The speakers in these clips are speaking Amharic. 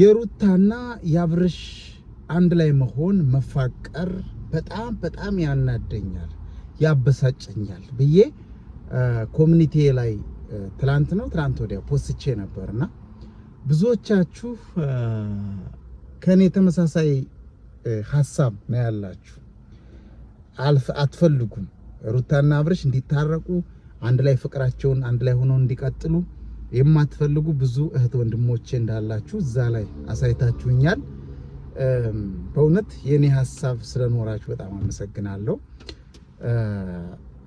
የሩታና የአብርሽ አንድ ላይ መሆን መፋቀር በጣም በጣም ያናደኛል፣ ያበሳጨኛል ብዬ ኮሚኒቲ ላይ ትላንት ነው ትላንት ወዲያ ፖስቼ ነበርና ብዙዎቻችሁ ከእኔ ተመሳሳይ ሀሳብ ነው ያላችሁ። አትፈልጉም ሩታና አብርሽ እንዲታረቁ፣ አንድ ላይ ፍቅራቸውን አንድ ላይ ሆነው እንዲቀጥሉ የማትፈልጉ ብዙ እህት ወንድሞቼ እንዳላችሁ እዛ ላይ አሳይታችሁኛል። በእውነት የኔ ሀሳብ ስለኖራችሁ በጣም አመሰግናለሁ።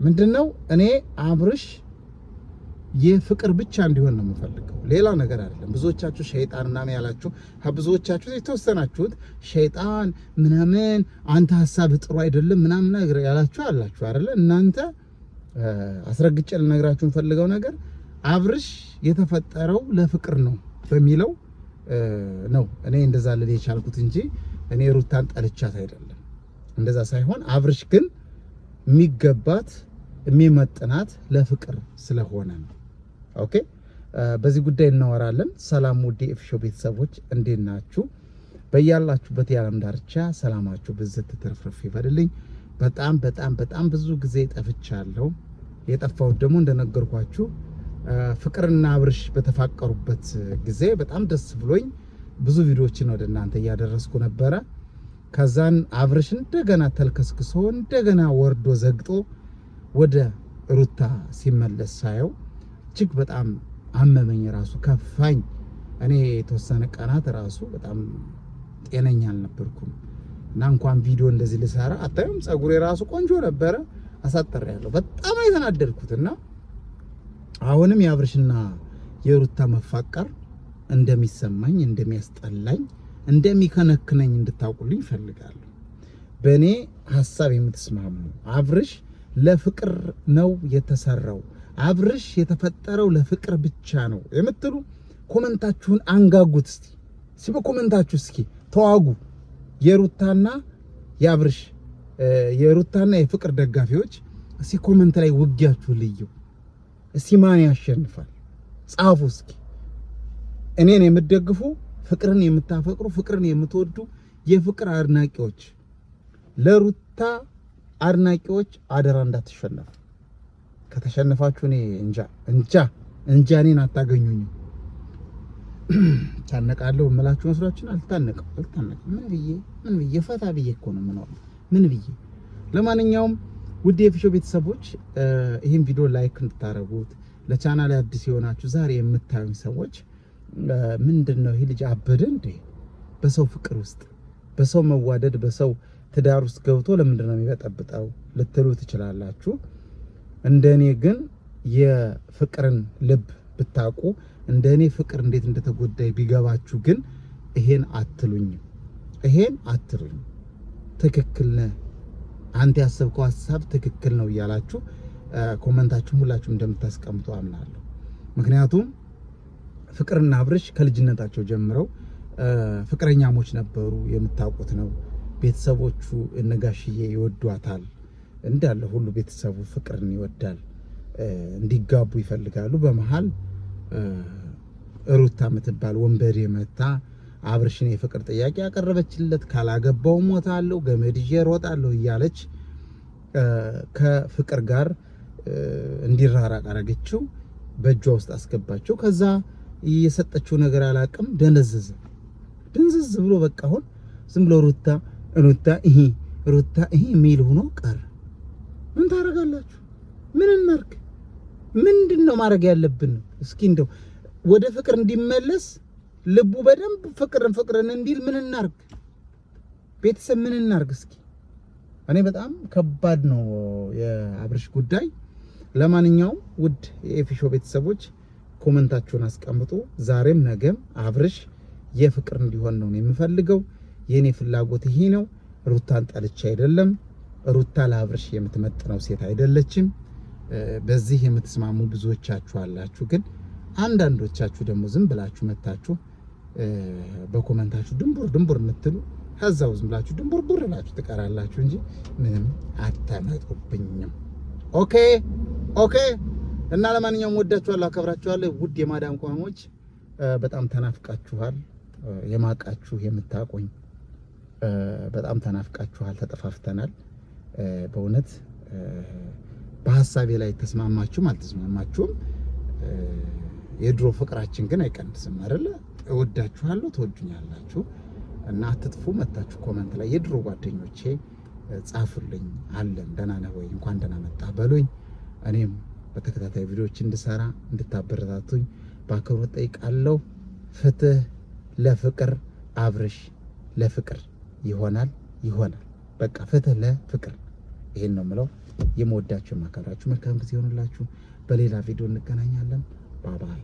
ምንድን ነው እኔ አብርሽ የፍቅር ብቻ እንዲሆን ነው የምፈልገው፣ ሌላ ነገር አይደለም። ብዙዎቻችሁ ሸይጣን ምናምን ያላችሁ ብዙዎቻችሁ የተወሰናችሁት ሸይጣን ምናምን አንተ ሀሳብ ጥሩ አይደለም ምናምን ነገር ያላችሁ አላችሁ አይደለ? እናንተ አስረግጬ ልነግራችሁ የምፈልገው ነገር አብርሽ የተፈጠረው ለፍቅር ነው በሚለው ነው እኔ እንደዛ ልል የቻልኩት እንጂ እኔ ሩታን ጠልቻት አይደለም። እንደዛ ሳይሆን አብርሽ ግን የሚገባት የሚመጥናት ለፍቅር ስለሆነ ነው። ኦኬ፣ በዚህ ጉዳይ እናወራለን። ሰላም ውድ የኤፍሾ ቤተሰቦች እንዴት ናችሁ? በያላችሁበት የዓለም ዳርቻ ሰላማችሁ ብዝት ትርፍርፍ ይበልልኝ። በጣም በጣም በጣም ብዙ ጊዜ ጠፍቻለሁ። የጠፋሁት ደግሞ እንደነገርኳችሁ ፍቅርና አብርሽ በተፋቀሩበት ጊዜ በጣም ደስ ብሎኝ ብዙ ቪዲዮዎችን ወደ እናንተ እያደረስኩ ነበረ። ከዛን አብርሽ እንደገና ተልከስክሶ እንደገና ወርዶ ዘግጦ ወደ ሩታ ሲመለስ ሳየው እጅግ በጣም አመመኝ፣ ራሱ ከፋኝ። እኔ የተወሰነ ቀናት ራሱ በጣም ጤነኛ አልነበርኩም እና እንኳን ቪዲዮ እንደዚህ ልሰራ አታዩም። ፀጉሬ ራሱ ቆንጆ ነበረ፣ አሳጠር ያለው በጣም የተናደድኩት እና አሁንም የአብርሽና የሩታ መፋቀር እንደሚሰማኝ እንደሚያስጠላኝ እንደሚከነክነኝ እንድታውቁልኝ ይፈልጋሉ። በእኔ ሀሳብ የምትስማሙ አብርሽ ለፍቅር ነው የተሰራው፣ አብርሽ የተፈጠረው ለፍቅር ብቻ ነው የምትሉ ኮመንታችሁን አንጋጉት እስቲ ሲበ ኮመንታችሁ እስኪ ተዋጉ። የሩታና የአብርሽ የሩታና የፍቅር ደጋፊዎች እስኪ ኮመንት ላይ ውጊያችሁ ልዩ እስቲ ማን ያሸንፋል? ጻፉ እስኪ። እኔን የምትደግፉ ፍቅርን የምታፈቅሩ ፍቅርን የምትወዱ የፍቅር አድናቂዎች ለሩታ አድናቂዎች አደራ እንዳትሸነፉ። ከተሸነፋችሁ እኔ እንጃ እንጃ እንጃ እኔን አታገኙኝ። ታነቃለሁ እምላችሁ መስሏችን አልታነቅም አልታነቅም። ምን ብዬ ምን ብዬ ፈታ ብዬ እኮ ነው የምኖረው። ምን ብዬ ለማንኛውም ውድ የፊሾ ቤተሰቦች ይህን ቪዲዮ ላይክ እንድታረጉት፣ ለቻናል አዲስ የሆናችሁ ዛሬ የምታዩኝ ሰዎች ምንድን ነው ይህ ልጅ አበደ እንዴ? በሰው ፍቅር ውስጥ በሰው መዋደድ በሰው ትዳር ውስጥ ገብቶ ለምንድን ነው የሚበጠብጠው ልትሉ ትችላላችሁ። እንደ እኔ ግን የፍቅርን ልብ ብታውቁ እንደ እኔ ፍቅር እንዴት እንደተጎዳይ ቢገባችሁ ግን ይሄን አትሉኝም፣ ይሄን አትሉኝ። ትክክል ነህ አንተ ያሰብከው ሀሳብ ትክክል ነው እያላችሁ ኮመንታችሁን ሁላችሁም እንደምታስቀምጡ አምናለሁ። ምክንያቱም ፍቅርና አብርሽ ከልጅነታቸው ጀምረው ፍቅረኛሞች ነበሩ። የምታውቁት ነው። ቤተሰቦቹ እነጋሽዬ ይወዷታል እንዳለ ሁሉ ቤተሰቡ ፍቅርን ይወዳል፣ እንዲጋቡ ይፈልጋሉ። በመሀል ሩታ የምትባል ወንበዴ መታ አብርሽን የፍቅር ጥያቄ ያቀረበችለት ካላገባው ሞታለሁ፣ ገመድ ይዤ እሮጣለሁ እያለች ከፍቅር ጋር እንዲራራቅ አረገችው። በእጇ ውስጥ አስገባቸው። ከዛ የሰጠችው ነገር አላቅም፣ ደነዘዘ። ድንዝዝ ብሎ በቃ አሁን ዝም ብሎ ሩታ ሩታ ይሄ ሩታ ይሄ ሚል ሆኖ ቀረ። ምን ታደርጋላችሁ? ምን እናርግ? ምንድን ነው ማድረግ ያለብን? እስኪ እንደው ወደ ፍቅር እንዲመለስ ልቡ በደንብ ፍቅርን ፍቅርን እንዲል ምን እናርግ? ቤተሰብ ምን እናርግ? እስኪ እኔ በጣም ከባድ ነው የአብርሽ ጉዳይ። ለማንኛውም ውድ የኤፊሾ ቤተሰቦች ኮመንታችሁን አስቀምጡ። ዛሬም ነገም አብርሽ የፍቅር እንዲሆን ነው የምፈልገው። የእኔ ፍላጎት ይሄ ነው። ሩታን ጠልቼ አይደለም። ሩታ ለአብርሽ የምትመጥነው ሴት አይደለችም። በዚህ የምትስማሙ ብዙዎቻችሁ አላችሁ፣ ግን አንዳንዶቻችሁ ደግሞ ዝም ብላችሁ መታችሁ በኮመንታችሁ ድንቡር ድንቡር የምትሉ ከዛው ዝም ብላችሁ ድንቡር ቡር ብላችሁ ትቀራላችሁ እንጂ ምንም አታመጡብኝም። ኦኬ ኦኬ። እና ለማንኛውም ወዳችኋለሁ፣ አከብራችኋለሁ። ውድ የማዳም ቅመሞች በጣም ተናፍቃችኋል። የማቃችሁ የምታቆኝ በጣም ተናፍቃችኋል። ተጠፋፍተናል በእውነት በሀሳቤ ላይ ተስማማችሁም አልተስማማችሁም የድሮ ፍቅራችን ግን አይቀንስም አይደለ? እወዳችኋለሁ፣ ተወዱኛላችሁ እና አትጥፉ። መታችሁ ኮመንት ላይ የድሮ ጓደኞቼ ጻፉልኝ፣ አለን ደህና ነህ ወይ እንኳን ደህና መጣ በሉኝ። እኔም በተከታታይ ቪዲዮዎች እንድሰራ እንድታበረታቱኝ በአክብሮት ጠይቃለሁ። ፍትህ ለፍቅር አብርሽ ለፍቅር ይሆናል ይሆናል። በቃ ፍትህ ለፍቅር ይሄን ነው የምለው። የምወዳችሁ የማከብራችሁ መልካም ጊዜ ይሆንላችሁ። በሌላ ቪዲዮ እንገናኛለን። ባባይ